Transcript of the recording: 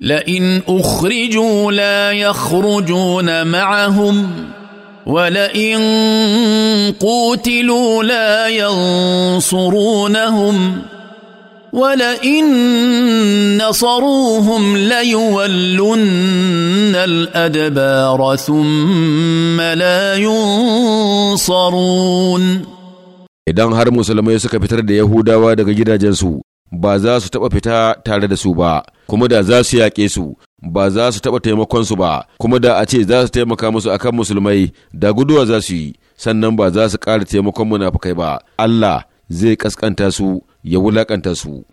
لئن اخرجوا لا يخرجون معهم ولئن قوتلوا لا ينصرونهم ولئن نصروهم ليولن الادبار ثم لا ينصرون idan har musulmai suka fitar da yahudawa daga gidajensu ba za su taɓa fita tare da su ba kuma da za su yaƙe su ba za su taɓa taimakon su ba kuma da a ce za su taimaka musu akan musulmai da guduwa za su yi sannan ba za su ƙara taimakon munafukai ba Allah zai ƙasƙanta su ya wulaƙanta su